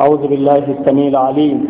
أعوذ بالله السميع العليم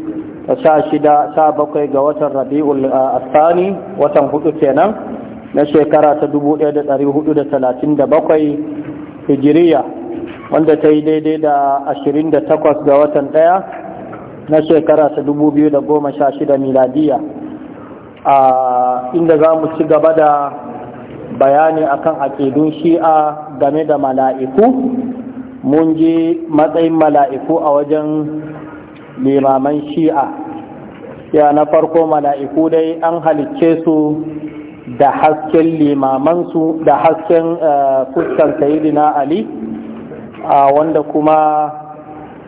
Ta sha shida sha bakwai ga watan rabi'ul asani watan hudu kenan na shekara ta 1437 hijiriya wanda ta yi daidai da 28 ga watan daya na shekara ta 2016 miladiya a inda za mu ci gaba da bayani akan aƙidun shi'a game da mala'iku mun ji matsayin mala'iku a wajen limaman shi'a ya na farko mala'iku dai an halicce su da hasken limamansu da hasken eh, fuskar sayidina ali wanda kuma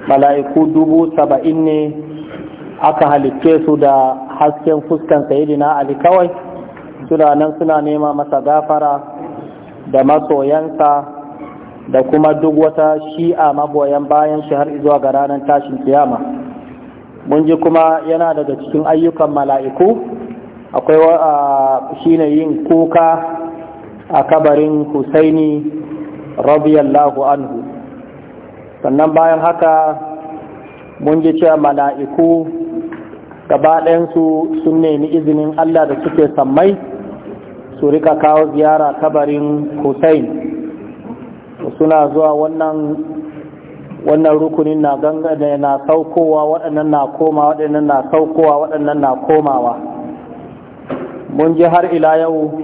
mala'iku dubu saba'in ne aka halicce su da hasken fuskan sayidina ali kawai suna nan suna nema masa gafara da masoyansa da kuma duk wata shi'a magoyan bayan shi har zuwa ga ranar tashin kiyama. mun ji kuma yana daga cikin ayyukan mala'iku akwai shine yin kuka a kabarin husaini radiyallahu anhu sannan bayan haka mun ji cewa mala'iku gabaɗayansu sun nemi izinin allah da suke sammai su rika kawo ziyara kabarin husain suna zuwa wannan wannan rukunin na gangane na saukowa waɗannan na koma waɗannan na saukowa waɗannan na komawa mun ji har ila yau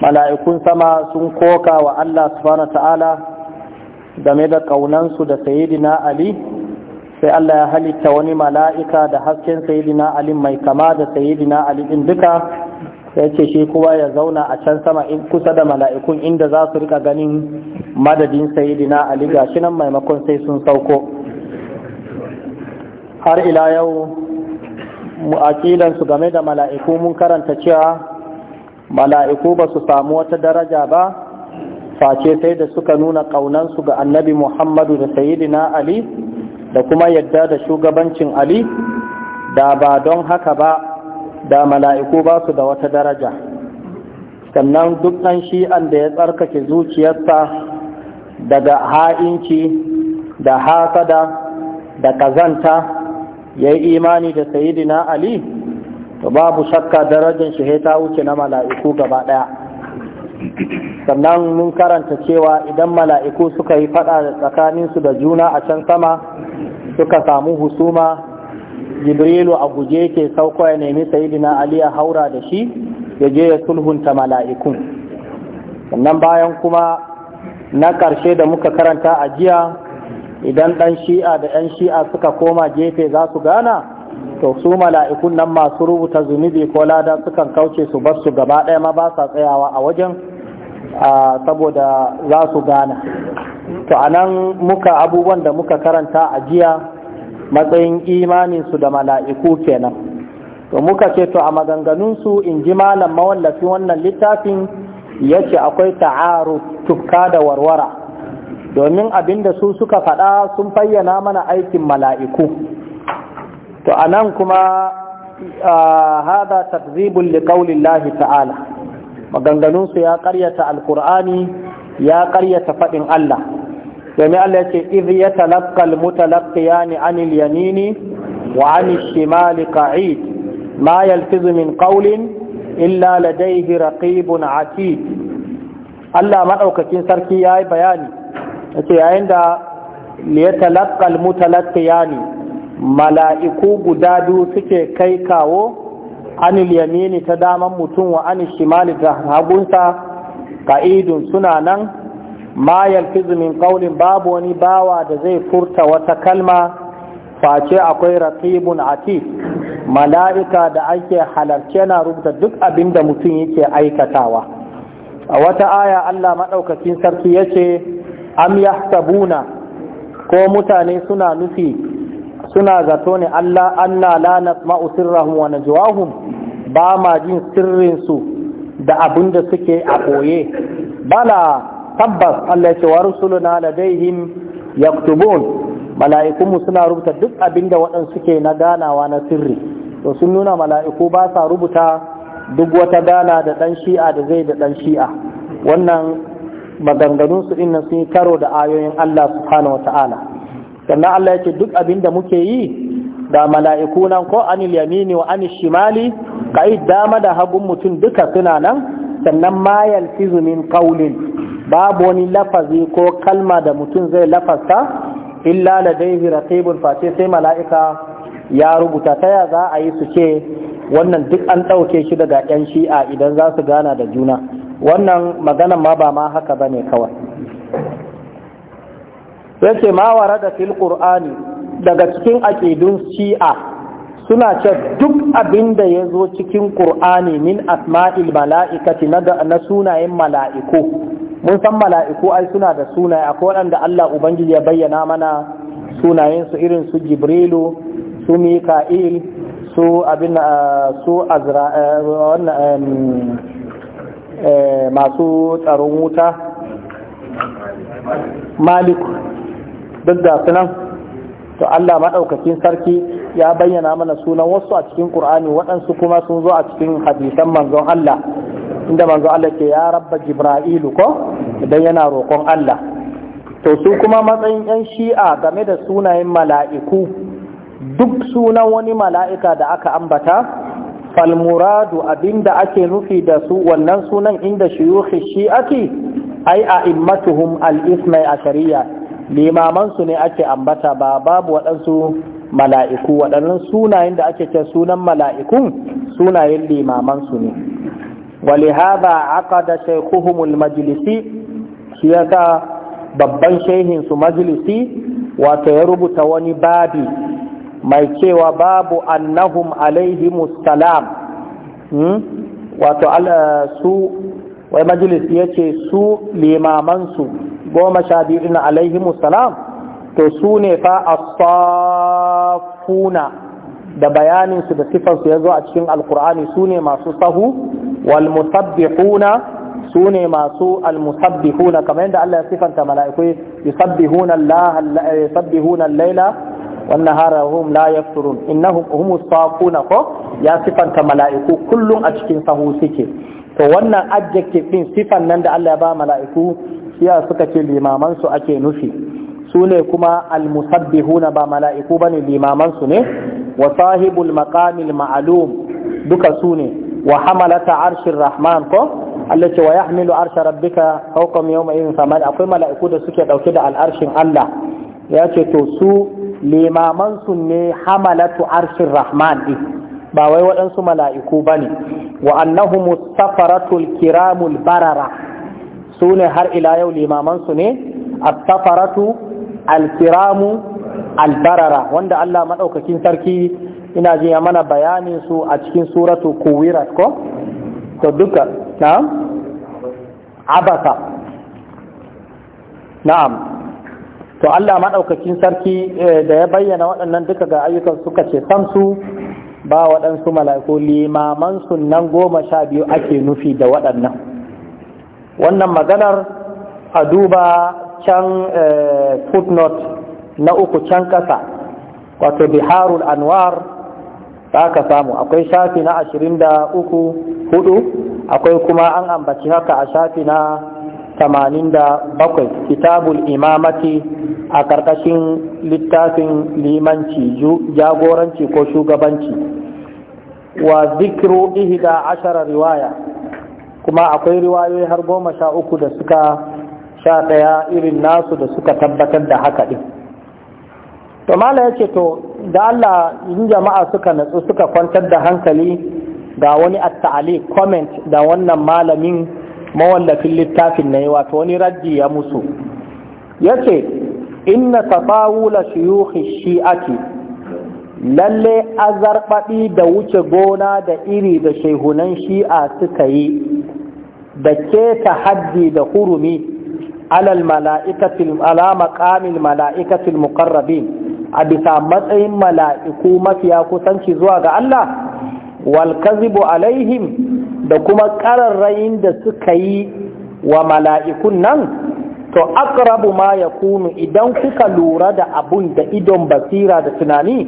mala'ikun sama sun koka wa Allah subhanahu ta'ala game da ƙaunansu da sayidina Ali sai Allah ya halitta wani mala'ika da hasken sayidina Ali mai kama da sayidina Ali ɗin duka sai ce shi kuma ya zauna a can sama kusa da mala'ikun inda za su rika ganin madadin sayidina ali shi nan maimakon sai sun sauko har ila yau aƙilansu game da mala'iku mun karanta cewa mala'iku ba su samu wata daraja ba face sai da suka nuna ƙaunansu ga annabi muhammadu da sayidina ali da kuma yadda da shugabancin ali da ba don haka ba da mala'iku ba su da wata daraja sannan duk ɗan shi'an da ya tsarkake zuciyarsa daga ha'inci da hasada da kazanta ya yi imani da sayidina ali to babu shakka darajar shi ta wuce na mala'iku gaba ɗaya sannan mun karanta cewa idan mala'iku suka yi faɗa tsakaninsu da juna a can sama suka samu husuma jibrilu a guje ke sauko ya nemi sayidina ali a haura da shi ya je ya sulhunta mala'ikun sannan bayan kuma na karshe da muka karanta a jiya idan ɗan shi'a da 'yan shi'a suka koma gefe za su gana to su mala'ikun nan masu rubuta zunubi ko lada sukan kauce su bar su gaba ɗaya ma ba sa tsayawa a wajen saboda za su gana to anan muka abubuwan da muka karanta a jiya matsayin imaninsu da mala'iku kenan to muka ce to a maganganunsu in ji malam mawallafi wannan littafin ya ce akwai ta'aru tufka da warwara domin abin da su suka faɗa sun fayyana mana aikin mala'iku to a nan kuma hada takzibun liƙaulillahi ta'ala maganganunsu ya ƙaryata alkur'ani ya ƙaryata faɗin Allah domin Allah ce idh yatalaqqal ni anil yamini wa anil shimali qa'id ma yalfizu min qawlin illa ladayhi raqibun atid Allah madaukakin sarki yayi bayani yace yayin da ya ya ni. mala'iku guda biyu suke kai kawo anil yamini ta daman mutum wa anil shimali ta hagunsa ka'idun suna nan ma yalfizu min qawlin babu wani bawa da zai furta wata kalma face akwai raqibun atif mala'ika da ake halarce na rubuta duk abin da mutum yake aikatawa a wata aya Allah maɗaukacin sarki yace am yahsabuna ko mutane suna nufi suna zato ne Allah anna la nasma'u sirrahum wa najwahum ba ma jin sirrin su da abin da suke a ɓoye bala tabbas Allah ce wa rusuluna ladaihim yaktubun mala'ikunmu suna rubuta duk abinda waɗansu suke na ganawa na sirri to sun nuna mala'iku ba sa rubuta duk wata gana da ɗan shi'a da zai da ɗan shi'a wannan maganganun su ɗin sun yi karo da ayoyin Allah subhanahu wa ta'ala sannan Allah ya ce duk abinda muke yi da mala'iku nan ko anil yamini wa anil shimali kaid dama da hagun mutum duka suna nan sannan ma yalfizu min qawlin babu wani lafazi ko kalma da mutum zai lafasta illa ladaihi raqibun face sai mala'ika ya rubuta ta ya za a yi su ce wannan duk an ɗauke shi daga yan shi'a idan za su gana da juna wannan magana ma ba ma haka bane kawai yace ma warada fil qur'ani daga cikin aƙidun shi'a suna ce duk abin da ya zo cikin ƙur'ani min asma'il mala'ikati na sunayen mala'iku mun san mala'iku ai suna da sunaye akwai waɗanda Allah Ubangiji ya bayyana mana su irin su Jibrilu su Mika'il su abin eh, su eh, eh, masu tsaron wuta Malik duk da sunan to Allah maɗaukakin sarki ya bayyana mana sunan wasu a cikin Qur'ani waɗansu kuma sun zo a cikin hadisan manzon Allah inda manzon Allah ke ya rabba Jibra'ilu ko idan yana roƙon Allah to su kuma matsayin 'yan shi'a game da sunayen mala'iku duk sunan wani mala'ika da aka ambata falmuradu abinda ake nufi da su wannan sunan inda shiyuhi shi'ati ai a immatuhum al-ismai a shari'a limamansu ne ake ambata ba babu waɗansu mala'iku waɗannan sunayen da ake ce sunan mala'ikun sunayen limamansu ne wali haɗa aka da shaikuhumul majalisi shi yasa babban shaihinsu su majalisi wato ya rubuta wani babi mai cewa babu annahum alaihimus salam hmm? wato su wai majalisi ya ce su limamansu goma sha biyu na to su ne fa asafuna da bayaninsu da sifansu ya zo a cikin alkur'ani su ne masu sahu wal musabbihuna su ne masu almusabbihuna kamar yadda Allah ya sifanta mala'iku yusabbihuna Allah yusabbihuna al-laila wan nahara hum la yafturun innahum as safuna ko ya sifanta mala'iku kullum a cikin sahu suke to wannan adjective din sifan nan da Allah ya ba mala'iku shi suka ce limaman su ake nufi su ne kuma almusabbihuna ba mala'iku ba ne limamansu ne wa sahibul maqamil ma'alum duka su ne wa hamalata arshin rahman ko Allah ce wa yahmilu arsha rabbika fawqa yawma idhin saman akwai mala'iku da suke ɗauke da al'arshin Allah ya ce to su limamansu ne hamalatu arshin rahman din ba wai waɗansu mala'iku ba ne wa annahu mustafaratul kiramul barara su ne har ila yau limamansu ne astafaratu alkiramu albarara wanda Allah maɗaukakin sarki ina ji ya mana bayanin su a cikin suratu kuwirat ko to duka na'am abasa na'am to Allah maɗaukakin sarki eh, da ya bayyana waɗannan duka ga ayyukan suka ce samsu ba waɗansu mala'iku limaman sunan goma sha biyu ake nufi da waɗannan wannan maganar a duba can eh, footnote na uku can kasa, wato biharul anwar za ka samu akwai shafi na ashirin da uku hudu akwai kuma an ambaci haka a shafi na tamanin da bakwai kitabul imamati a ƙarƙashin littafin limanci jagoranci ko shugabanci wa zikiru ihida ashara riwaya kuma akwai riwayoyi har goma sha uku da suka sha ɗaya irin nasu da suka tabbatar da haka ɗin to mala ya ce to da Allah in jama'a suka natsu suka kwantar da hankali ga wani atta'ali comment da wannan malamin mawallafin littafin na yi wato wani raddi ya musu ya ce inna tafawula shi shi'ati lalle azarbaɗi da wuce gona da iri da shehunan shi'a suka yi da keta haddi da hurumi alal mala'ikatil ala maqamil mala'ikatil muqarrabin a bisa matsayin mala'iku mafiya kusanci zuwa ga Allah wal alaihim da kuma ƙararrayin da suka yi wa mala'ikun nan to aqrabu ma yakunu idan kuka lura da abun da idon basira da tunani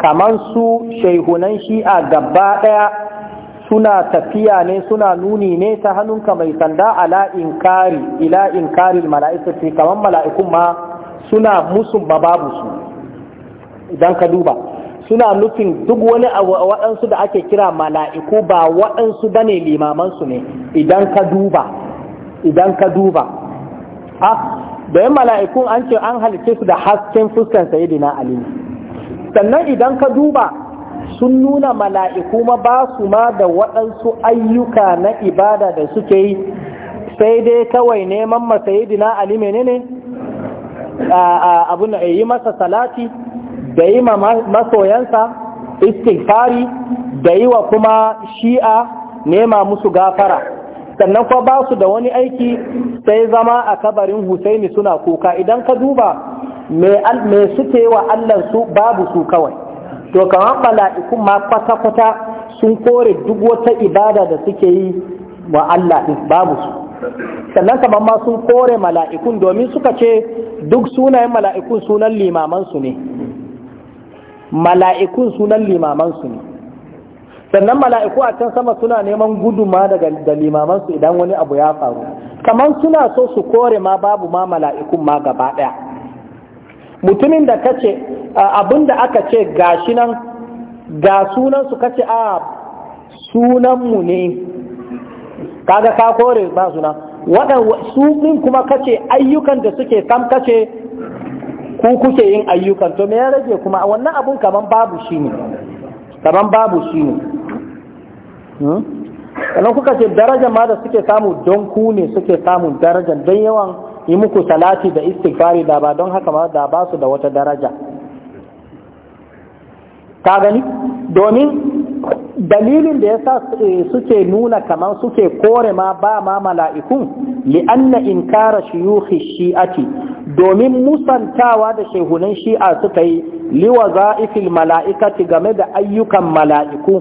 kaman su shehunan shi'a gaba ɗaya suna tafiya ne suna nuni ne ta hannunka mai sanda ala inkari ila inkaril mala'ikati kamar mala'ikun ma suna musun ma babu su idan ka duba suna nufin duk wani waɗansu da ake kira mala'iku ba waɗansu ba ne limamansu ne idan ka duba idan ka duba a ah, da yin mala'ikun an ce an halice su da hasken fuskan sayidina ali sannan idan ka duba sun nuna mala'iku ma ba su ma da waɗansu ayyuka na ibada da suke yi sai dai kawai neman ne ali menene abin yi masa salati da yi ma masoyansa istighfari da yi wa kuma shi'a nema musu gafara sannan kuma ba su da wani aiki sai zama a kabarin husaini suna kuka idan ka duba me suke wa allansu babu su kawai to kamar mala'ikun ma kwata-kwata sun kore duk wata ibada da suke yi wa Allah din babu su sannan kamar ma sun kore mala'ikun domin suka ce duk sunayen mala'ikun sunan limamansu ne mala'ikun sunan limamansu ne sannan mala'iku a can sama suna neman guduma daga da limamansu idan wani abu ya faru kamar suna so su kore ma babu ma mala'ikun ma gaba ɗaya mutumin da kace abin da aka ce shi nan ga sunan su kace a sunanmu ne kaga ka kore ba suna waɗanda su ɗin kuma kace ayyukan da suke kam kace ku kuke yin ayyukan to me ya rage kuma wannan abun kaman babu shi ne kaman babu shi ne hmm? sannan kuka ce darajar ma da suke samu don ku ne suke samun darajar don yawan yi muku salati da istighfari da ba don haka ma da ba su da wata daraja ka gani domin dalilin da yasa eh, suke nuna kamar suke kore ma ba ma mala'ikun li'anna inkara shiyuhi shi'ati domin musantawa da shehunan shi'a suka yi liwa za'ifil mala'ikati game da ayyukan mala'iku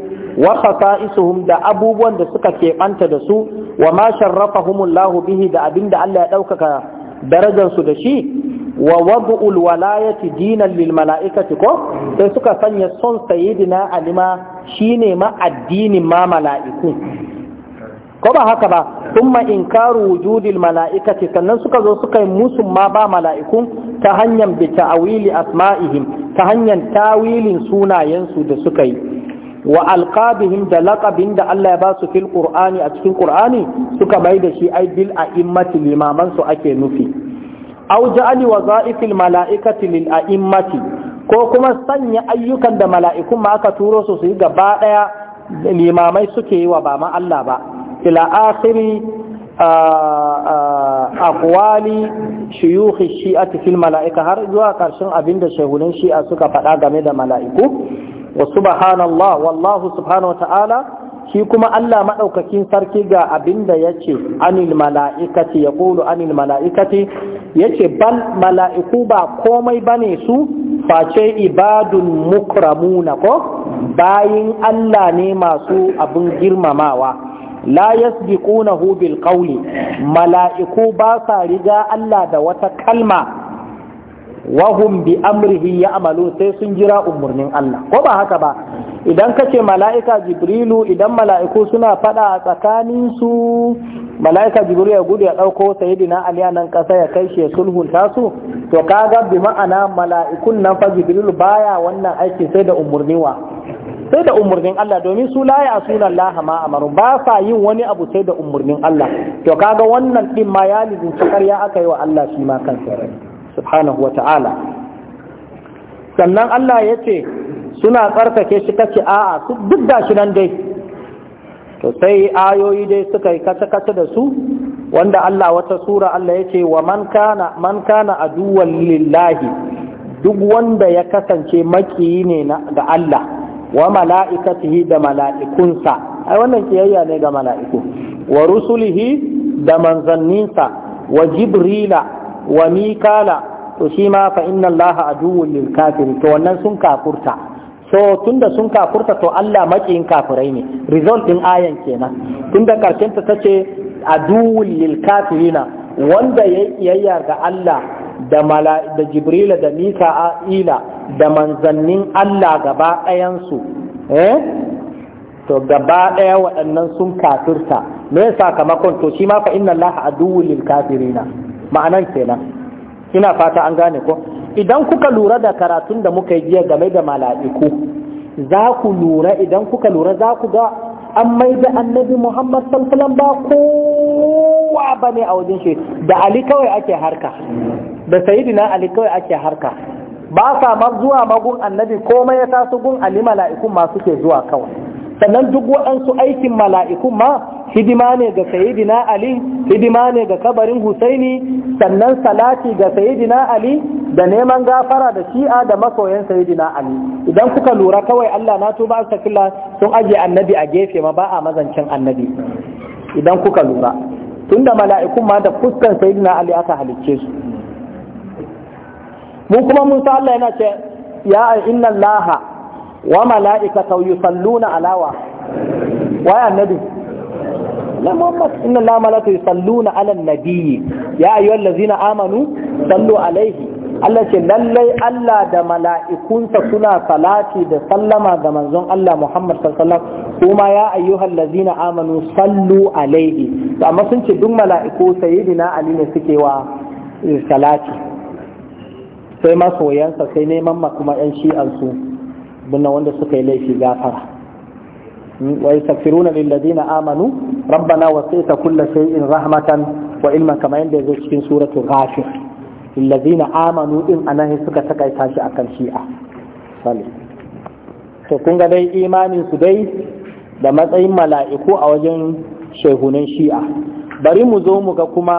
wa khasa'isuhum da abubuwan da suka keɓanta da su wa ma sharrafahumullahu bihi da abinda Allah ya ɗaukaka darajarsu da shi wa wadu'ul walayati dinan lil mala'ikati ko sai suka sanya son sayyidina alima shine ma addinin ma mala'iku ko ba haka ba thumma inkaru wujudil mala'ikati sannan suka zo suka yi musu ma ba mala'iku ta hanyar bi ta'wili asma'ihim ta hanyar tawilin sunayensu da suka yi wa alqabihim da laqabin da Allah ya ba su fil qur'ani a cikin qur'ani suka bai da shi ai bil a'immati limaman su ake nufi aw ja'ali wazaifil mala'ikati lil a'immati ko kuma sanya ayyukan da mala'ikun ma aka turo su su yi gaba daya limamai suke yi wa ba ma Allah ba ila akhiri akwali shuyukh shi'ati fil mala'ika har zuwa karshen abinda shehunan shi'a suka faɗa game da mala'iku wa subhanallah wallahu subhanahu ta'ala shi kuma Allah maɗaukakin sarki ga abinda ce anil mala'ikati ya ƙulu anil mala'ikati Ya ce bal mala'iku ba komai ba ne su face ibadun mukramuna ko bayin Allah ne masu abin girmamawa la yasbiqunahu bil qawli mala'iku ba sa riga Allah da wata kalma wahum bi amrihi ya amalu sai sun jira umarnin Allah ko ba haka ba idan ka mala'ika jibrilu idan mala'iku suna fada a tsakanin su mala'ika jibrilu ya gudu ya dauko sayidina ali nan kasa ya kai shi sulhunta su to kaga bi ma'ana mala'ikun nan fa jibrilu baya wannan aiki sai da umarnin wa sai da umarnin Allah domin su la ya asuna Allah ma amaru ba sa yin wani abu sai da umarnin Allah to kaga wannan din ma ya lizinci karya aka yi wa Allah shi ma kansa rai subhanahu wa ta'ala sannan Allah ya ce suna tsarkake shi kace a'a su duk da shi nan dai to sai ayoyi dai suka yi kace-kace da su wanda Allah wata sura Allah ya ce wa man kana man kana lillahi duk wanda ya kasance makiyi ne ga Allah wa mala'ikatihi da mala'ikunsa ai wannan kiyayya ne ga mala'iku wa rusulihi da manzanninsa wa jibrila wa mikala to shi ma fa inna Allah aduwwul lil kafiri to wannan sun kafurta so tunda sun kafurta to Allah makiyin kafirai ne result din ayan kenan tunda karshen ta tace aduwwul lil kafirina wanda yayi iyayya ga Allah da mala da Jibrila da Mika'ila da manzannin Allah gaba ɗayan su eh to gaba ɗaya waɗannan sun kafirta me sakamakon to shi ma fa inna Allah aduwwul lil kafirina ma'anan kenan ina fata an gane ko idan kuka lura da karatun da muka yi jiya game da mala'iku za ku lura idan kuka lura za ku ga an mai da annabi muhammad sallallahu ba kowa ba ne a wajen shi da ali kawai ake harka da sayidina ali kawai ake harka ba sa ma zuwa magun annabi komai ya taso gun ali mala'ikun ma suke zuwa kawai sannan duk waɗansu aikin mala'ikun ma hidima ne ga sayidina ali hidima ne ga kabarin husaini sannan salati ga sayidina ali da neman gafara da shi'a da masoyan sayidina ali idan kuka lura kawai allah na tuba astagfirullah sun ajiye annabi a gefe ma ba a mazancin annabi idan kuka lura tunda mala'ikun ma da fuskan sayidina ali aka halicce su mu kuma mun sa allah yana ce ya inna allaha wa mala'ikatu yusalluna alawa wa annabi na Muhammad inna la malaka yusalluna ala nabiyyi ya ayyuhal ladzina amanu sallu alaihi Allah ce lallai Allah da mala'ikunsa suna salati da sallama ga manzon Allah Muhammad sallallahu kuma ya ayyuhal ladzina amanu sallu alaihi amma sun ce duk mala'iku sayyidina Ali ne suke wa eh, salati sai masoyansa sai neman kuma shi'ar su bunna wanda suka yi laifi gafara ويستغفرون للذين امنوا ربنا وسعت كل شيء رحمه وعلما كما يندزج في سوره غافر للذين امنوا ان انا هسك سكاي تاشي أكل شيئا صلي to kun ga dai imanin su dai da matsayin mala'iku a wajen shehunan shi'a bari mu zo mu ga kuma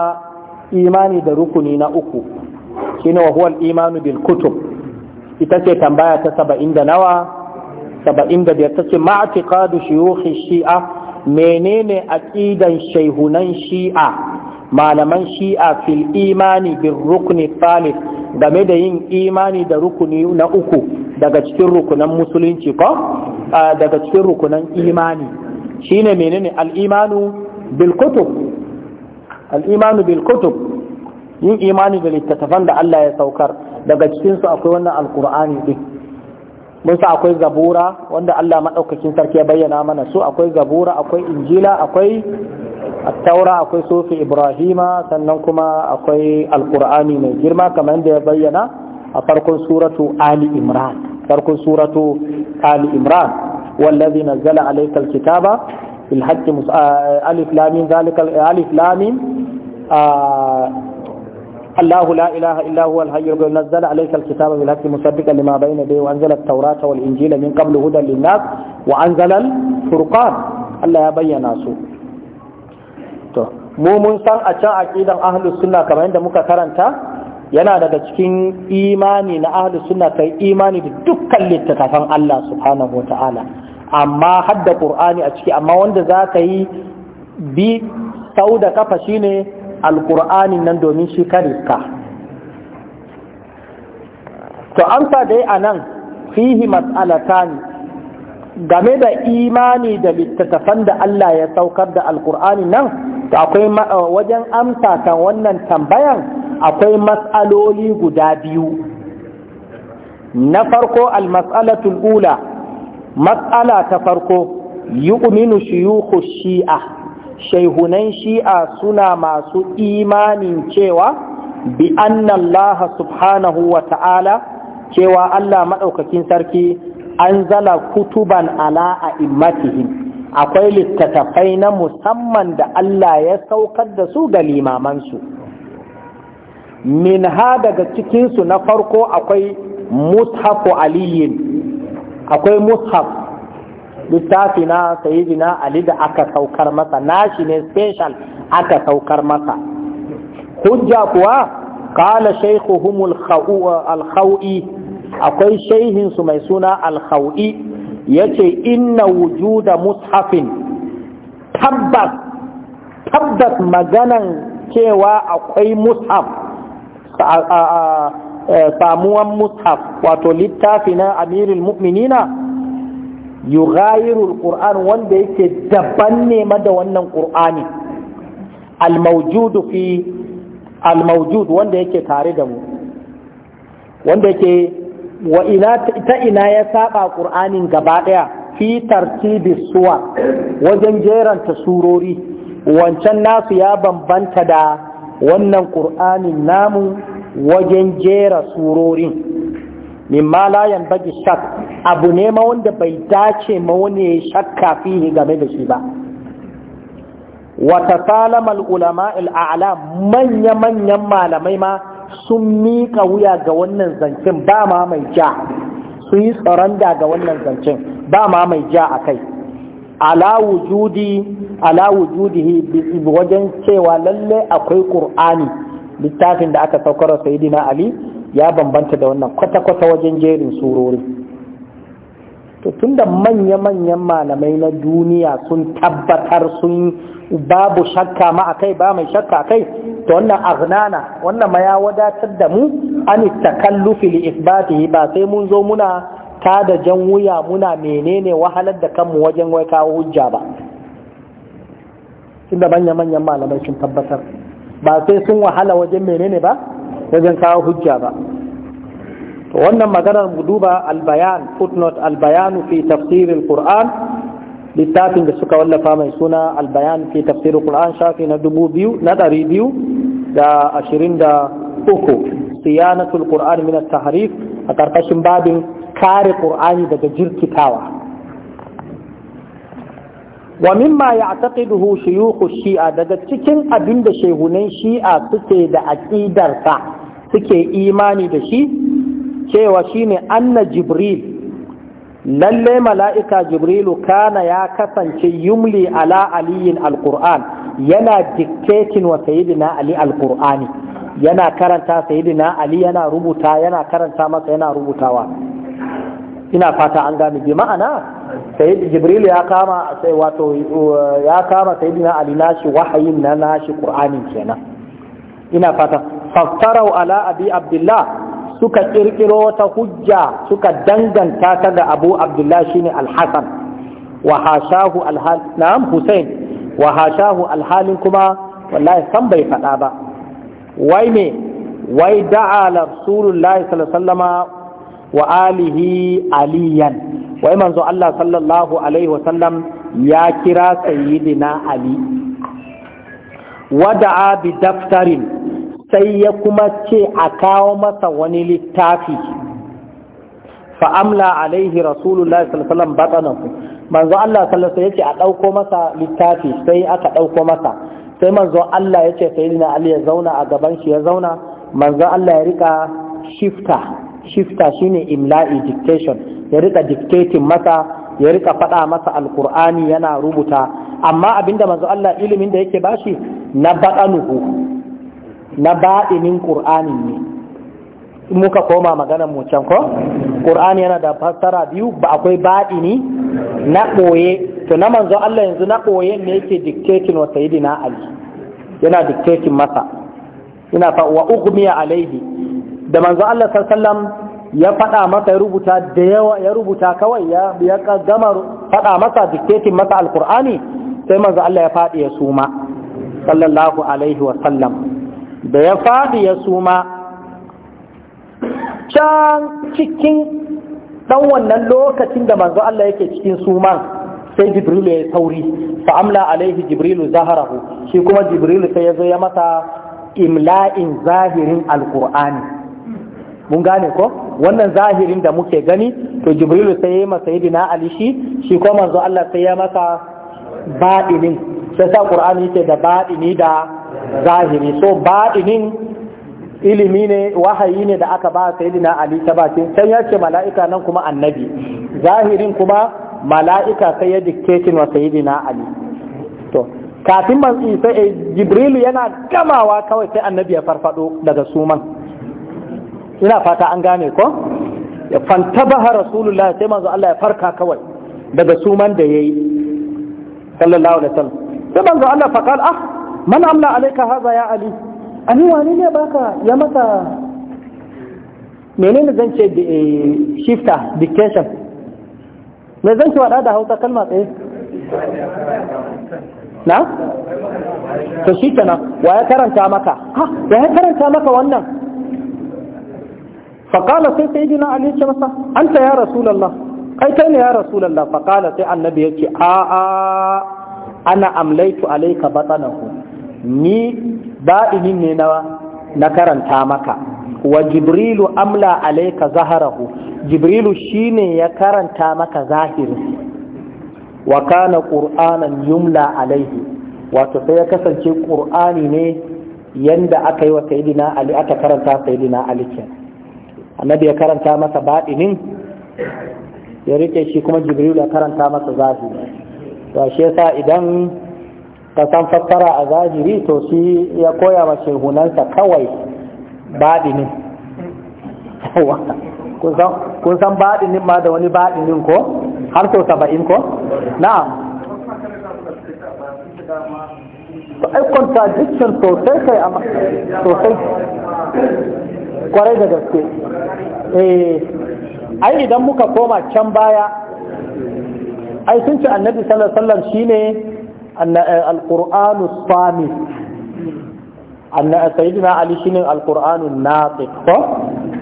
imani da rukuni na uku shine wa huwal imanu bil kutub ita ce tambaya ta saba'in da nawa saba'in da biyar ta ce ma'atiqadu shuyukhi shi'a menene aqidan shaihunan shi'a malaman shi'a fil imani bin rukni falis game da yin imani da rukuni na uku daga cikin rukunan musulunci ko daga cikin rukunan imani shine menene al'imanu imanu bil kutub bil kutub yin imani da littattafan da Allah ya saukar daga cikin su akwai wannan alkur'ani din mun sa akwai zabura wanda Allah maɗaukakin sarki ya bayyana mana su akwai zabura akwai injila akwai taura akwai sufi ibrahima sannan kuma akwai alkur'ani mai girma kamar yadda ya bayyana a farkon suratu ali imran farkon suratu ali imran wallazi nazzala alaykal kitaba bil haqqi alif lamin. zalika alif الله لا إله إلا هو الحي القيوم نزل عليك الكتاب بالحق مصدقا لما بين يديه وأنزل التوراة والإنجيل من قبل هدى للناس وأنزل الفرقان الله يبين سو mu mun san a can aqidan ahlus sunna kamar yadda muka karanta yana daga cikin imani na ahlus sunna kai imani da dukkan littattafan Allah subhanahu wa ta'ala amma hadda qur'ani a ciki amma wanda za ka yi bi sau da kafa shine alƙur'anin nan domin shi ka to amsa dai a nan fihi mas'alatan game da imani da littattafan da Allah ya saukar da alƙur'ani nan to akwai eh, wajen amsa kan wannan tambayan akwai mas'aloli guda biyu na farko almasalatul ula mas'ala ta farko yu'minu shuyukhu shi'a shaihunan shi'a suna masu imanin cewa bi annallaha subhanahu wa ta'ala cewa Allah maɗaukakin sarki an zala kutuban ala a immatihim akwai littattafai na musamman da Allah ya saukar da su ga limamansu min ha daga cikinsu na farko akwai mushafu aliyin akwai mushaf littafi na sayidina ali da aka saukar masa nashi ne special aka saukar masa hujja kuwa kala shaihu al akwai shaihinsu su mai suna alhau'i yace inna wujuda mushafin tabbas tabbas maganan cewa akwai mushaf eh, samuwan mushaf wato littafi na amirul mu'minina yughayirul qur'an wanda yake daban ne da wannan qur'ani al-mawjud fi al wanda yake tare da mu wanda yake wa ina ta ina ya saba qur'anin gaba daya fi tartibi suwa wajen jeranta surori wancan nasu ya bambanta da wannan qur'anin namu wajen jera surorin mimma la yanbaghi shak abu ne ma wanda bai dace ma wani shakka fihi game da shi ba wa tasalama ulama a'la manya manyan malamai ma sun miƙa wuya ga wannan zancen ba ma mai ja su yi tsaron da ga wannan zancen ba ma mai ja a kai ala wujudi ala wujudihi wajen cewa lalle akwai qur'ani littafin da aka saukar sayyidina ali ya bambanta da wannan kwata-kwata wajen jerin surori to tunda manya-manyan malamai na duniya sun tabbatar sun babu shakka ma a kai ba mai shakka a kai to wannan agnana wannan ma ya wadatar da mu an takallufi li isbatihi ba sai mun zo muna ta da jan wuya muna menene wahalar da kanmu wajen wai kawo hujja ba tunda manya-manyan malamai sun tabbatar ba sai sun wahala wajen menene ba wajen kawo hujja ba to wannan maganar mu duba albayan footnote albayanu fi tafsirin qur'an littafin da suka wallafa mai suna albayan fi tafsirin qur'an shafi na dubu biyu na ɗari biyu da ashirin da uku siyanatul qur'an min tahrif a karkashin babin kare qur'ani daga jirkitawa wa mimma ya'taqiduhu shuyukhu shi'a daga cikin abin da shehunan shi'a suke da aqidarsa suke imani da shi cewa shine anna jibril lalle mala'ika jibrilu kana ya kasance yumli ala aliyin alkur'an yana diktetin wa sayidina ali alkur'ani yana karanta sayidina ali yana rubuta yana karanta masa yana rubutawa ina fata an gane bi ma'ana sayyid jibril ya kama sai wato uh, ya kama sayyidina ali nashi wahayin na nashi qur'anin kenan ina fata fassarau ala abi abdullah suka kirkiro ta hujja suka danganta ta ga abu abdullah shine al-hasan wa hashahu al-hal na'am husain wa hashahu al kuma wallahi san bai fada ba wai me wai da'a rasulullahi sallallahu alaihi wasallama wa alihi aliyan wai manzo Allah sallallahu alaihi wasallam ya kira sayyidina Ali wada'a bi daftarin sai ya kuma ce a kawo masa wani littafi fa'amla alaihi rasulullah sallallahu alaihi batsanaku manzo Allah sallallahu ya ce a ɗauko masa littafi sai aka ɗauko masa sai manzo Allah ya ce sayyidina Ali ya zauna a gaban shi ya zauna manzo Allah ya rika shifta shifta shine imla'i dictation ya rika dictating masa ya rika faɗa masa alkur'ani yana rubuta amma abinda manzo Allah ilimin da yake bashi na baɗanuhu na baɗinin ƙur'anin ne muka koma maganar mu can ko ƙur'ani yana da fassara biyu ba akwai baɗini na ɓoye to na manzo Allah yanzu na ɓoye ne yake dictating wa sayidina Ali yana dictating masa ina fa wa ugmiya alaihi da manzo Allah sallallahu ya faɗa masa ya rubuta da yawa ya rubuta kawai ya ya gama faɗa masa dictating masa alqur'ani sai manzo Allah ya faɗi ya suma sallallahu alaihi wa sallam da ya faɗi ya suma can cikin dan wannan lokacin da manzo Allah yake cikin suman sai jibrilu ya sauri fa amla alaihi jibrilu zaharahu shi kuma jibrilu sai ya zo ya masa imla'in zahirin alqur'ani mun gane ko wannan zahirin da muke gani to jibrilu sai ya masa yidina ali shi shi ko manzo Allah sai ya masa baɗinin sai sa qur'ani yake da badini da zahiri so baɗinin ilimi ne wahayi ne da aka ba sayidina ali ta bakin sai ya mala'ika nan kuma annabi zahirin kuma mala'ika sai ya dictating wa sayidina ali to kafin man sai jibrilu yana gamawa kawai sai annabi ya farfado daga suman ina fata an gane ko ya fantabaha rasulullahi sai manzo Allah ya farka kawai daga suman da yayi sallallahu alaihi wasallam sai manzo Allah fa kal ah man amla alayka hadha ya ali ani wani ne baka ya maka menene zan ce eh, shifta dictation me zan ce wada da Hausa kalma tsaye na to shi kenan wa ya karanta maka ha ya karanta maka wannan faƙala sai sai dina ali ce masa an ta ya rasulallah kai kai ne ya rasulallah faƙala sai annabi ya ce a a ana amlaitu alaika batsanahu ni ba'inin ne na karanta maka wa jibrilu amla alaika zaharahu jibrilu shine ya karanta maka zahiri wa kana qur'anan yumla alaihi wato sai ya kasance qur'ani ne yanda aka yi wa sayyidina ali aka karanta sayyidina ali kenan annabi ya karanta masa baɗinin ya rike shi kuma jibril ya karanta masa zahiri to shi yasa idan ka san fassara a zahiri to shi ya koya wa shehunansa kawai baɗinin kun san baɗinin ma da wani baɗinin ko har sau saba'in ko na'am ai contradiction sosai kai amma sosai kwarai da gaske eh ai idan muka koma can baya ai sun ce annabi sallallahu shi ne shine eh, alqur'anu sami sayyidina ali shine na natiq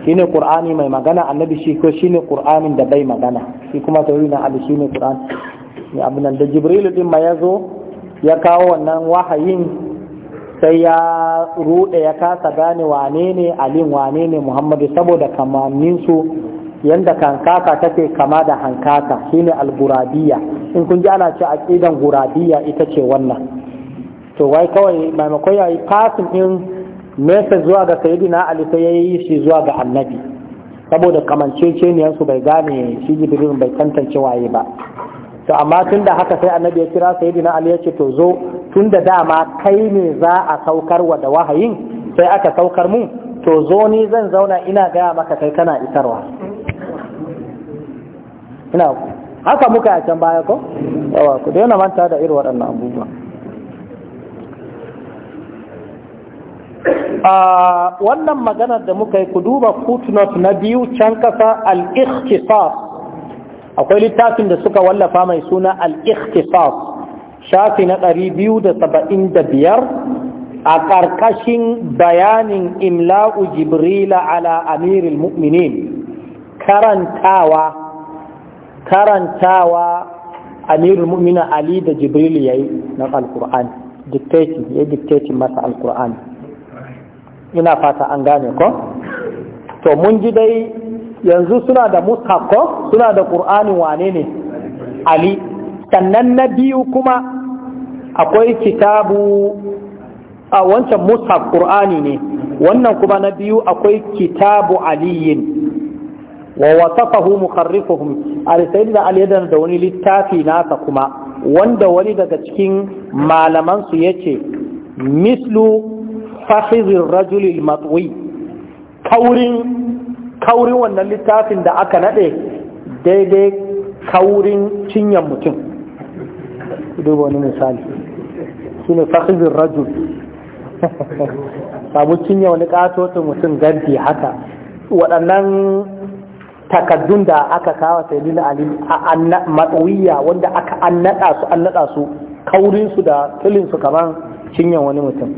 shi ne ƙur'ani mai magana annabi shi ko ne ƙur'anin da bai magana shi kuma sayyidina ali shine qur'an ne nan da Jibrilu din ma ya zo ya kawo wannan wahayin sai ya rude ya kasa gane wane ne alin wane ne muhammadu saboda kamanninsu yanda kankaka take kama da hankaka shine algurabiya in kun ji ana ce aqidan gurabiya ita ce wannan to wai kawai maimakon ya yi fasin in nesa zuwa ga na ali sai yi shi zuwa ga annabi saboda kamanceceniyarsu bai gane shi jibirin bai tantance waye ba to amma tun da haka sai annabi ya kira sayyidina ali ya ce to zo tun da dama kai ne za a saukar wa da wahayin sai aka saukar mu to zo ni zan zauna ina gaya maka kai kana isarwa ina haka muka a can baya ko yawa ku daina manta da irin waɗannan abubuwa ah, wannan maganar da muka yi ku duba footnote na biyu can kasa al-ikhtisas akwai littafin da suka wallafa mai suna al-ikhtisas shafi na ɗari biyu da saba'in da biyar a ƙarƙashin bayanin imla'u jibrila ala amirul mu'minin karantawa karantawa amirul mu'minin ali da jibril yayi na al alkur'ani dictating ya dictating masa al alkur'ani ina fata an gane ko to mun ji dai yanzu suna da mushaf suna da qur'ani wane ne ali sannan na biyu kuma akwai kitabu a wancan mushaf qur'ani ne wannan kuma na biyu akwai kitabu aliyin wa wasafahu mukarrifuhum al-sayyid ali da wani littafi nasa kuma wanda wani daga cikin malaman su yace mislu fakhizir rajulil matwi kaurin kaurin wannan littafin da aka naɗe daidai kaurin cinyan mutum duba wani misali shi ne fasibin rajul samu cinye wani katotin mutum ganti haka waɗannan takaddun da aka kawo sai lina alim matsawiya wanda aka an naɗa su an su kaurinsu da su kamar cinye wani mutum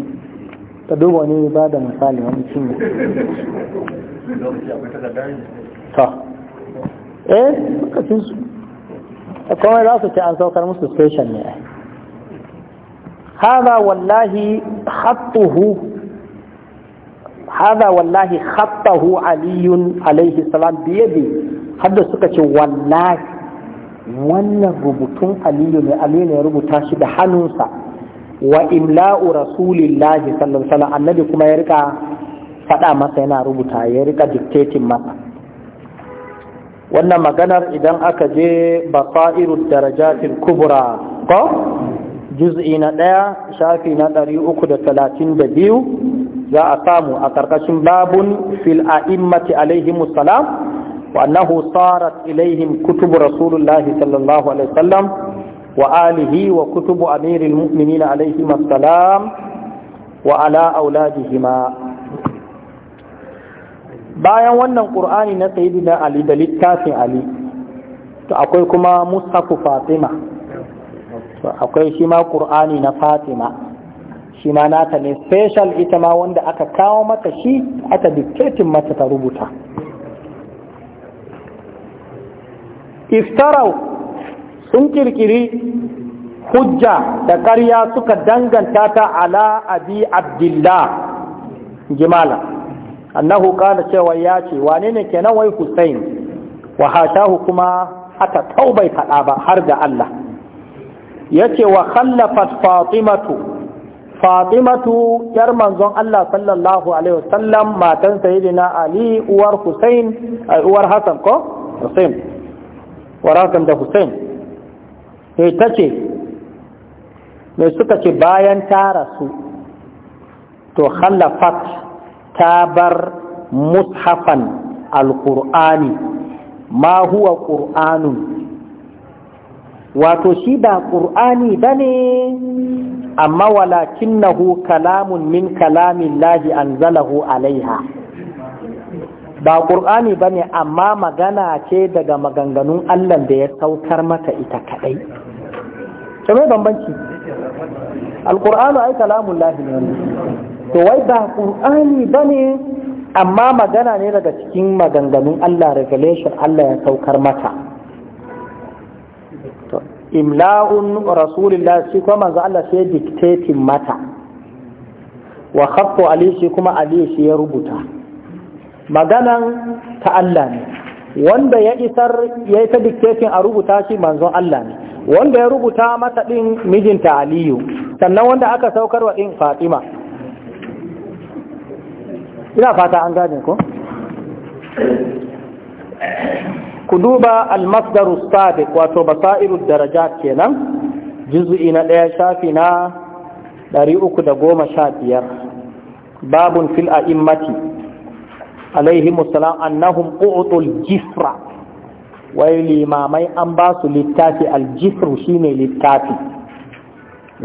ta duba wani ba da misali wani cinye ta eh lokacin su kuma za su ce an saukar musu station ne eh. haɗa wallahi khattuhu hada wallahi khattahu aliyun alaihi salam biye biyadi hadda suka ce wallahi wannan rubutun aliyu ne aliyu ne rubuta shi da hannunsa wa imla'u rasulillahi sallallahu alaihi wasallam annabi kuma ya rika faɗa masa yana rubuta ya rika dictating masa wannan maganar idan aka je basairu darajatil kubra ko juz'i na ɗaya shafi na ɗari uku da talatin da biyu za a samu a ƙarƙashin babun fil a'immati alaihimu salam annahu sarat ilaihim kutubu rasulullahi sallallahu alaihi wa alihi wa kutubu amiril mu'minina alaihimu salam auladihima bayan wannan ƙur'ani na na ali da littafin ali to akwai kuma Mustapha fatima to akwai shi ma ƙur'ani na fatima shi ma nata ne special ita ma wanda aka kawo mata shi aka dictating mata ta rubuta iftarau sun kirkiri hujja da ƙarya suka danganta ta ala abi abdullah jimala annahu kana cewa ya ce wane ne kenan wai Hussein wa hashahu kuma haka tau bai faɗa ba har da Allah yace wa khallafat fatimatu fatimatu yar manzon Allah sallallahu alaihi wasallam matan sayyidina Ali uwar Hussein eh, uwar Hassan ko Hussein wa Hassan da Hussein ita eh, ce me suka ce bayan tara su to khallafat ta bar mushafan alƙur'ani ma huwa ƙur'anun wato shi ba ƙur'ani ba ne amma walakinnahu kalamun min kalamin lahi an zalahu alaiha ba ƙur'ani ba ne amma magana ce daga maganganun allah da ya saukar mata ita kaɗai ce mai bambanci alƙur'anu ai kalamun lahi ne to wai ba ba bane amma magana ne daga cikin maganganun Allah revelation Allah ya saukar mata to imla'un rasulillah shi kuma manzo Allah sai dictating mata wa khaffu ali shi kuma ali shi ya rubuta maganan ta Allah ne wanda ya isar ya yi ta dictating a rubuta shi manzon Allah ne wanda ya rubuta mata din mijinta aliyu sannan wanda aka saukar wa din fatima ina fata an gane ko ku duba almasdaru sabiq wato basairu darajat kenan juz'i na ɗaya shafi na ɗari uku da goma sha biyar babun fil a'immati alaihim salam annahum qu'utul jifra wai limamai an ba su littafi aljifru shine littafi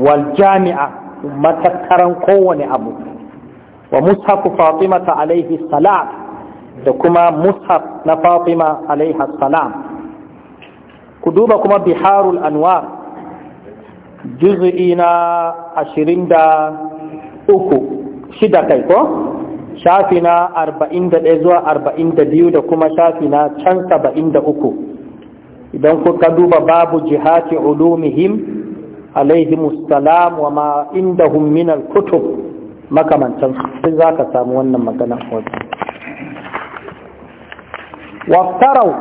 wal jami'a matattaran kowane abu wa fatima ta alaihi salam da kuma mushaf na fatima alaihi salam ku duba kuma biharul anwar juz'i na ashirin da uku shida kai ko shafi na arba'in da ɗaya zuwa arba'in da biyu da kuma shafi na can saba'in da uku idan kuka duba babu jihati ulumihim alaihim salam wa ma indahum min al-kutub makamantan sai za ka samu wannan magana wajen waftarau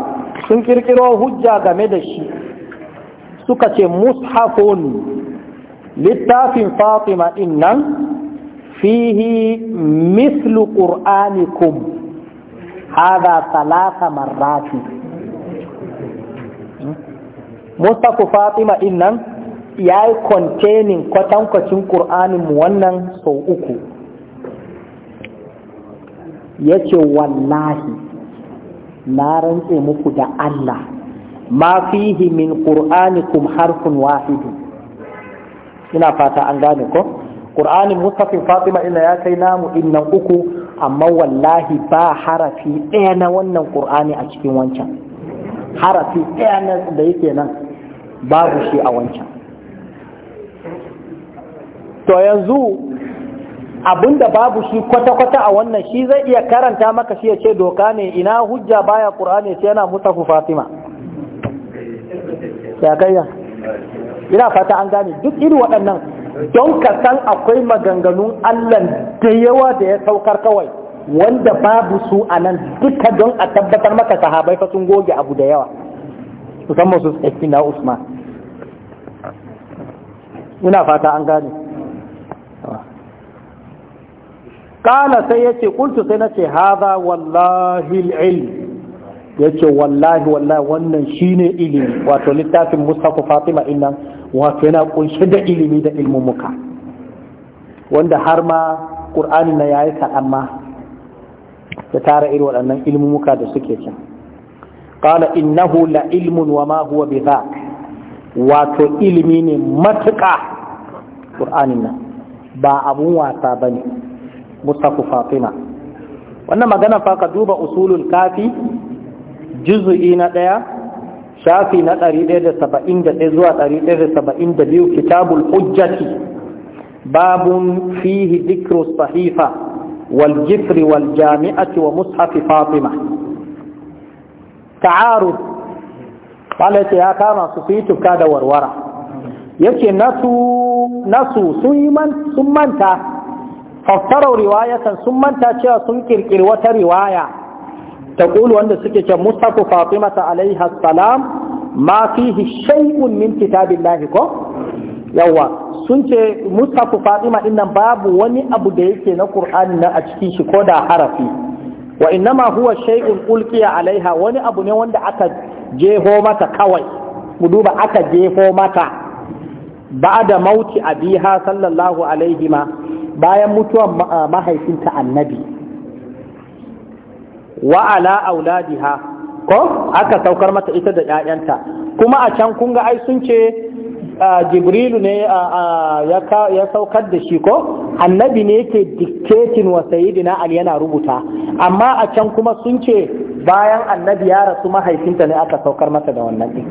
sun kirkiro hujja game da shi suka ce mushafun littafin fatima din nan fihi mislu qur'anikum haɗa talata marrati hmm? mustafa fatima din nan ya yi containing kwatankwacin mu wannan sau uku ya ce wallahi na rantse muku da Allah ma fihi min ƙur'anikum harfin wahidu ina fata an gane ko ƙur'anin mustafin fatima ina ya kai namu innan uku amma wallahi ba harafi ɗaya na wannan ƙur'ani a cikin wancan harafi ɗaya da yake nan babu shi a wancan to yanzu da babu shi kwata-kwata a wannan shi zai iya karanta maka shi ya ce doka ne ina hujja baya ƙur'ani sai yana musafu fatima ya ina fata an gane duk iri waɗannan don ka san akwai maganganun allan da yawa da ya saukar kawai wanda babu su a nan duka don a tabbatar maka sahabai fa sun goge abu da yawa musamman su tsaki na usman ina fata an gane kala sai yace kuntu sai nace haza wallahi al ya ce wallahi wallahi wannan shine ilimi wato littafin mushaf Fatima inna wato yana kunshe da ilimi da ilmumuka wanda har ma Qur'ani na yayi kaɗan ma ya tara irin waɗannan ilmumuka da suke can qala innahu la ilmun wa ma huwa bidhak wato ilimi ne matuƙa Qur'anin nan ba abun wasa bane mustafa fatima wannan magana fa ka duba usulul kafi juz'i na ɗaya shafi na ɗari ɗaya da da ɗaya zuwa ɗari ɗaya da da biyu kitabul hujjati babun fihi dhikru sahifa wal jifri wal jami'ati wa mushafi fatima ta'arud wala ya kama su fi tufka da warwara yace nasu nasu sun manta fassarar riwayatan sun manta cewa sun kirkiri wata riwaya ta ƙulu wanda suke ce mustafa ta alaiha salam ma fihi shay'un min kitabillahi ko yawa sun ce Mustapha fatima din nan babu wani abu da yake na qur'ani na a cikin shi ko da harafi wa innama huwa shay'un ulqiya alaiha wani abu ne wanda aka jeho mata kawai mu duba aka jeho mata ba'da mauti abiha sallallahu alaihi ma bayan mutuwan ah, mahaifinta annabi wa ala auladiha ko aka saukar mata ita da ƴaƴanta kuma a can kunga ai sun ce ah, jibrilu ne ah, ya saukar da shi ko annabi ne yake dictating wa sayyidina ali yana rubuta amma a can kuma sun ce bayan annabi ya rasu mahaifinta ne aka saukar mata da wannan din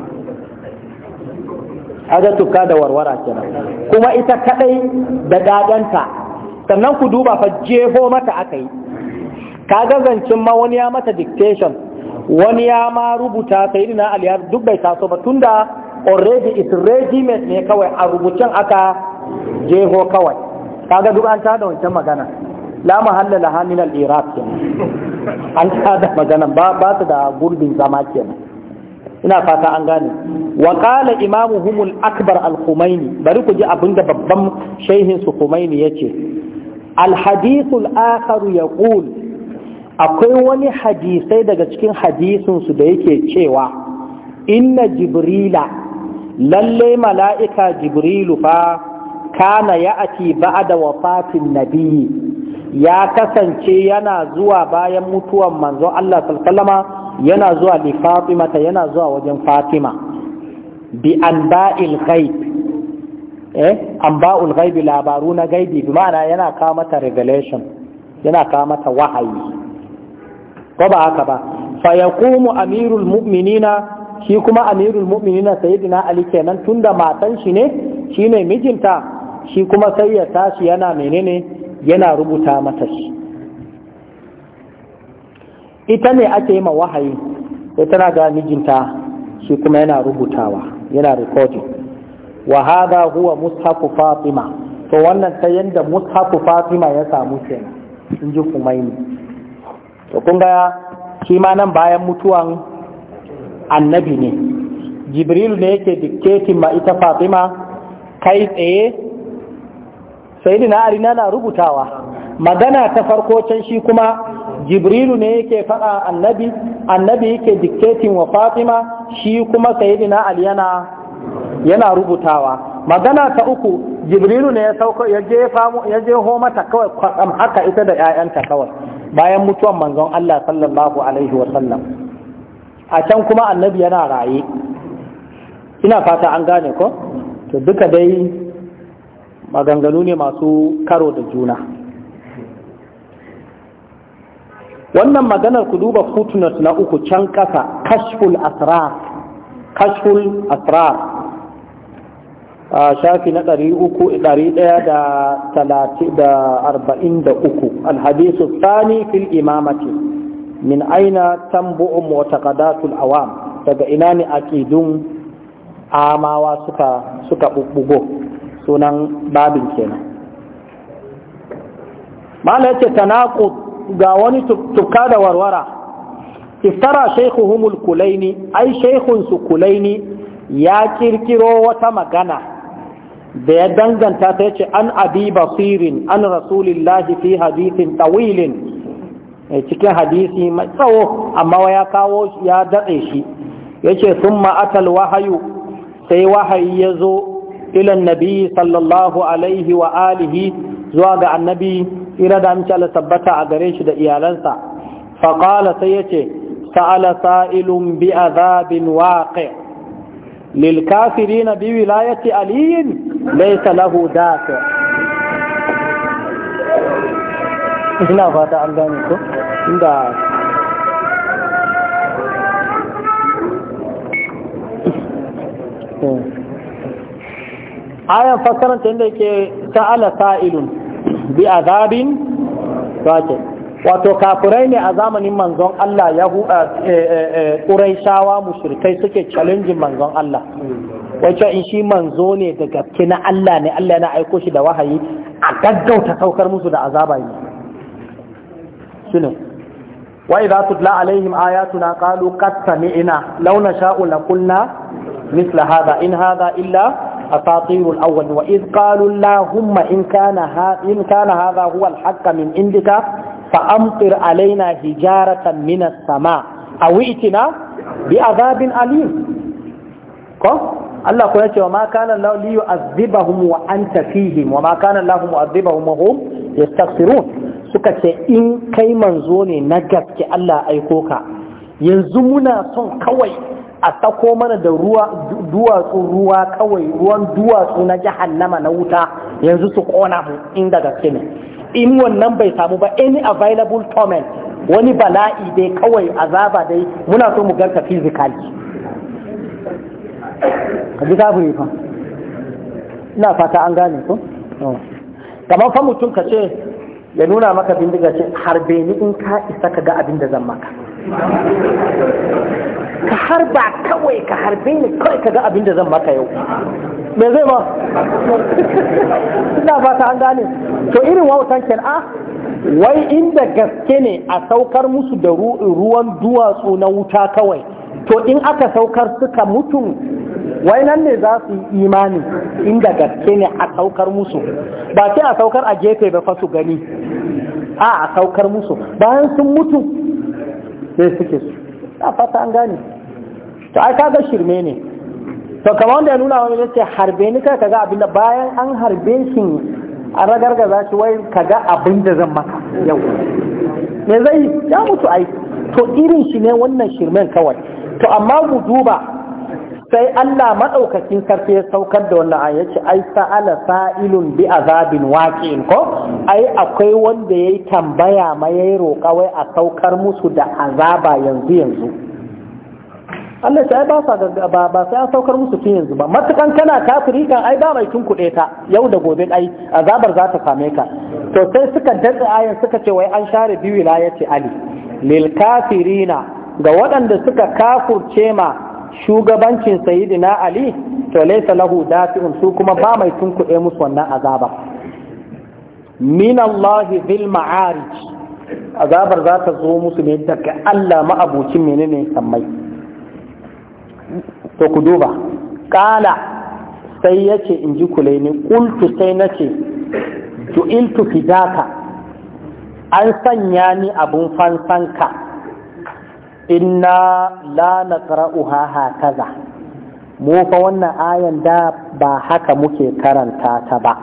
aga tuka da warwara kenan kuma ita kadai da dadanta sannan ku duba fa jeho mata aka yi ka gazancin ma wani ya mata dictation wani ya ma rubuta na aliyar duk bai taso ba tunda already is regiment ne kawai a rubucin aka jeho kawai kaga duk an tada wancan magana la mahallala laha min iraq kenan an tada magana ba ta da gurbin zama kenan ina fata an gane wa qala imamuhum al-akbar al-khumaini bari ku ji abinda babban shehin su khumaini yace al-hadith al-akhar yaqul akwai wani hadisai daga cikin hadisin su da yake cewa inna jibrila lalle mala'ika jibrilu fa kana ya'ati ba'da wafatin nabiyyi ya kasance yana zuwa bayan mutuwar manzon Allah sallallahu alaihi yana zuwa li fatimata yana zuwa wajen fatima bi ba'il ghaib eh ba'ul ghaibi labaru na gaibi bi ma'ana yana kawo mata revelation yana kawo mata wahayi ko ba haka ba fa yaqumu amirul mu'minina shi kuma amirul mu'minina sayyidina ali kenan tunda matan shi ne shine mijinta shi kuma sai ya tashi yana menene yana rubuta mata shi ita ne ake yi ma wahayi sai tana ga mijinta shi kuma yana rubutawa yana recording wa hada huwa mushafu fatima to wannan ta yanda mushafu fatima ya samu kenan in ji kumaini to kun ga shi ma nan bayan mutuwan annabi ne jibrilu ne yake dictating ma ita fatima kai tsaye sai na ari na rubutawa magana ta farko can shi kuma jibrilu ne yake faɗa annabi annabi yake dictating wa fatima shi kuma sayyidina ali yana yana rubutawa magana ta uku jibrilu ne ya ya je ya je homa kawai kwatsam haka ita da ƴaƴanta kawai bayan mutuwan manzon Allah sallallahu alaihi wa sallam a can kuma annabi yana raye ina fata an gane ko to duka dai maganganu ne masu karo da juna wannan maganar ku duba footnote na uku can ƙasa kashful asrar kashful asrar a shafi na ɗari uku ɗari ɗaya da talatin da arba'in da uku alhadisu tsani fil imamati min aina tambu'un mu'taqadatul awam daga ina ne aqidun amawa suka suka bubbugo sunan babin kenan mala yace tanaqud ga wani tukka da warwara iftara shaykhuhumul kulaini ai shaykhun su kulaini ya kirkiro wata magana da ya danganta ta yace an abi basirin an rasulillahi fi hadithin tawilin eh, cikin hadisi mai tsawo amma ya kawo ya datse shi yace sun ma'atal wahayu sai wahayi ya zo ilan nabi sallallahu alaihi wa alihi zuwa ga annabi tsira da amince Allah tabbata a gare shi da iyalansa fa qala sai ce sa'ala sa'ilun bi azabin waƙe. lil kafirin bi wilayati aliyin laysa salahu dafe ina fata an gane ko inda eh. ayan fassaranta inda yake sa'ala sa'ilun bi azabin wato kafirai ne a zamanin manzon Allah ya ƙuraishawa eh, eh, eh, mushrikai suke challenging manzon Allah wacce in shi manzo ne da gaske na Allah ne Allah yana aiko shi da wahayi a gaggauta saukar musu da azaba ne shine wa idza tutla alaihim ayatuna qalu qad sami'na law nasha'u la qulna mithla hadha in hadha illa أساطير الأول وإذ قالوا اللهم إن كان, إن كان هذا هو الحق من عندك فأمطر علينا حجارة من السماء أو ائتنا بعذاب أليم Allah kuma yace wa ma kana Allah li yu'adhibahum wa anta fihim wa ma kana Allah mu'adhibahum suka ce in kai manzo ne na gaske Allah aiko ka yanzu muna son kawai a sako mana da ruwa duwatsu ruwa kawai ruwan duwatsu na jahannama na wuta yanzu su kona mu inda gaske ne in wannan bai samu ba any available torment wani bala'i dai kawai azaba dai muna so mu garka physically ka ji kafiri fa ina fata an gane ko oh. kamar fa mutum ka ce ya nuna maka bindiga ce harbe ni in ka isa ka ga abin da zan maka ka harba kawai ka harbe ni kawai ka ga abin da zan maka yau me zai ma ina fata an gane to irin wautan ken a ah, wai inda gaske ne a saukar musu da ruwan duwatsu na wuta kawai to in aka saukar suka mutum wai nan ne za su yi imani inda gaske ne a saukar musu ba sai a saukar a gefe ba fa su gani a a saukar musu bayan sun mutu sai suke su a fata an gane to ai kaga shirme ne to kamar wanda ya nuna wani yace harbe ni kai kaga abinda bayan an harbe shi an ragargaza shi wai kaga abinda zan maka yau me zai ya mutu ai to irin shi ne wannan shirmen kawai to amma mu duba sai Allah madaukakin sarki ya saukar da wannan aya ce ai sa'ala sa'ilun bi azabin waqi'in ko ai akwai wanda yayi tambaya ma yayi roƙa wai a saukar musu da azaba yanzu yanzu Allah ta ba sa ba ba sai an saukar musu tun yanzu ba matukan kana kafiri kan ai ba mai tunkuɗe ta yau da gobe ai azabar za ta same ka to sai suka dace ayan suka ce wai an share biyu la yace ali lil kafirina ga waɗanda suka kafurce ma shugabancin sayyidina ali to laysa lahu dafi'un su kuma ba mai tunkuɗe musu wannan azaba min Allah bil ma'arij azabar za ta zo musu ne daga Allah ma'abucin menene sammai to ku duba ƙala sai ya ce in ji kulaini kultu sai na ce ju'iltu fidaka an sanya ni abun fansanka inna la naqra'uha hakaza mu fa wannan ayan da ba haka muke karanta ta ba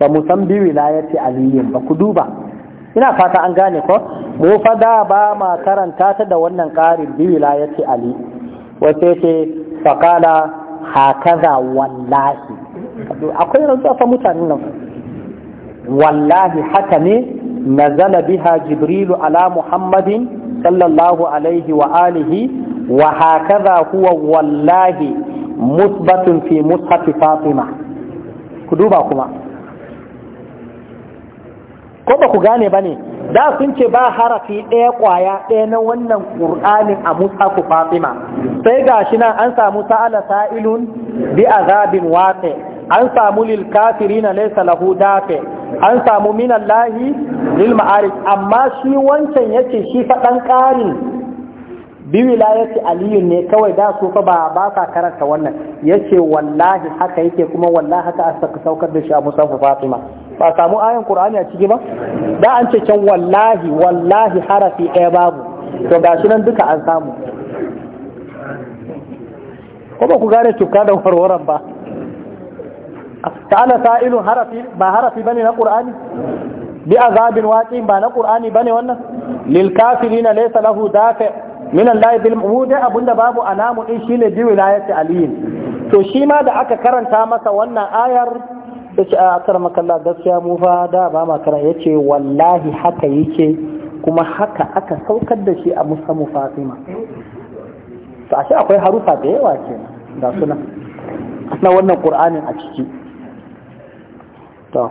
ba mu san bi wilayati aliyin ba ku duba ina fata an gane ko mu fa da ba ma karanta ta da wannan ƙarin bi wilayati ali wace ce faƙala hakaza wallahi akwai rantsuwa fa mutanen nan wallahi haka ne nazala biha jibrilu ala muhammadin sallallahu alaihi wa alihi wa hakaza huwa wallahi musbatun fi mushafi fatima ku duba kuma ko ba ku gane ba ne da sun ce ba harafi ɗaya ƙwaya ɗaya na wannan ƙur'anin a musaku fatima sai ga shi nan an samu sa'ala sa'ilun bi azabin wafe an samu lil na laisa lahu dafe an samu min Lahi lil ma'arif amma shi wancan ce shi faɗan ƙarin bi wilayati aliyu ne kawai da su fa ba sa karanta wannan yace wallahi haka yake kuma wallahi haka aka saukar da shi a musafu fatima ba samu ayan qur'ani a ciki ba da an ce can wallahi wallahi harafi ɗaya babu to shi nan duka an samu ko ba ku gane tuka da warwaran ba ta'ala sa'ilun harafi ba harafi bane na qur'ani bi azabin waqi ba na qur'ani bane wannan lil kafirina laysa lahu dafi min Allah bil mu'ud abunda babu anamu din shine bi wilayati aliyin to shi ma da aka karanta masa wannan ayar ta ce a akar makalla gaskiya mu fa da ba makara ya ce wallahi haka yake kuma haka aka saukar da shi a musamman fatima to ashe akwai harufa da yawa ke ga suna na wannan qur'anin a ciki to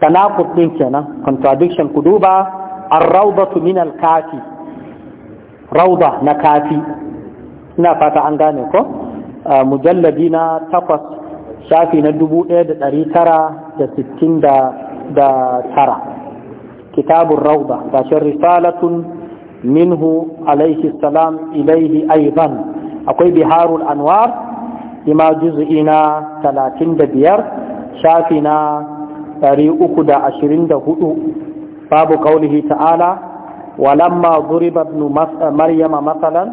tanaqud din kenan contradiction ku duba ar-rawdatu min al-kafi rawda na kafi ina fata an gane ko mujalladi na takwas shafi na 1969 kitabun rauda tashin risalatun minhu alaihi salam ilaihi aiban akwai biharul anwar ima juzu'i na 35 shafi na 324 babu kaulihi ta'ala walamma ضرب ابن مريم مثلا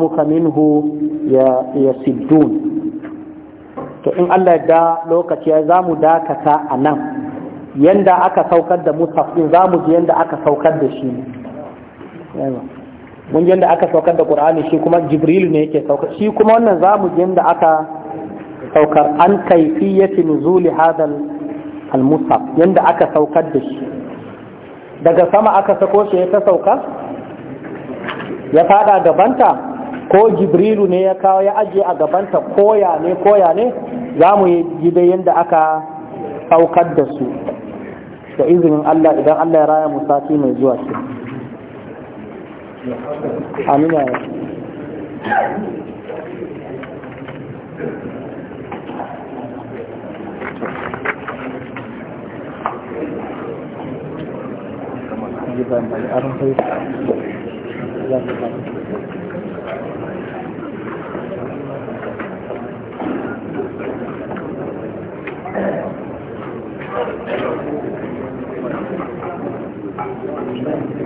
muka Minhu ya يسدون to in Allah da lokaci ya za mu dakata a nan yanda aka saukar da in za mu ji yanda aka saukar da shi mun ji yanda aka saukar da qur'ani shi kuma jibril ne yake saukar shi kuma wannan za mu ji yanda aka saukar an kayfiyati nuzuli hadal al musaf yanda aka saukar da shi daga sama aka sako shi ya ta sauka ya fada gabanta ko jibrilu ne ya kawo ya ajiye a gabanta koya ne koya ne za mu yi dai yadda aka saukar da su da izinin Allah idan Allah ya raya mu sati mai zuwa shi amina Thank Thank you.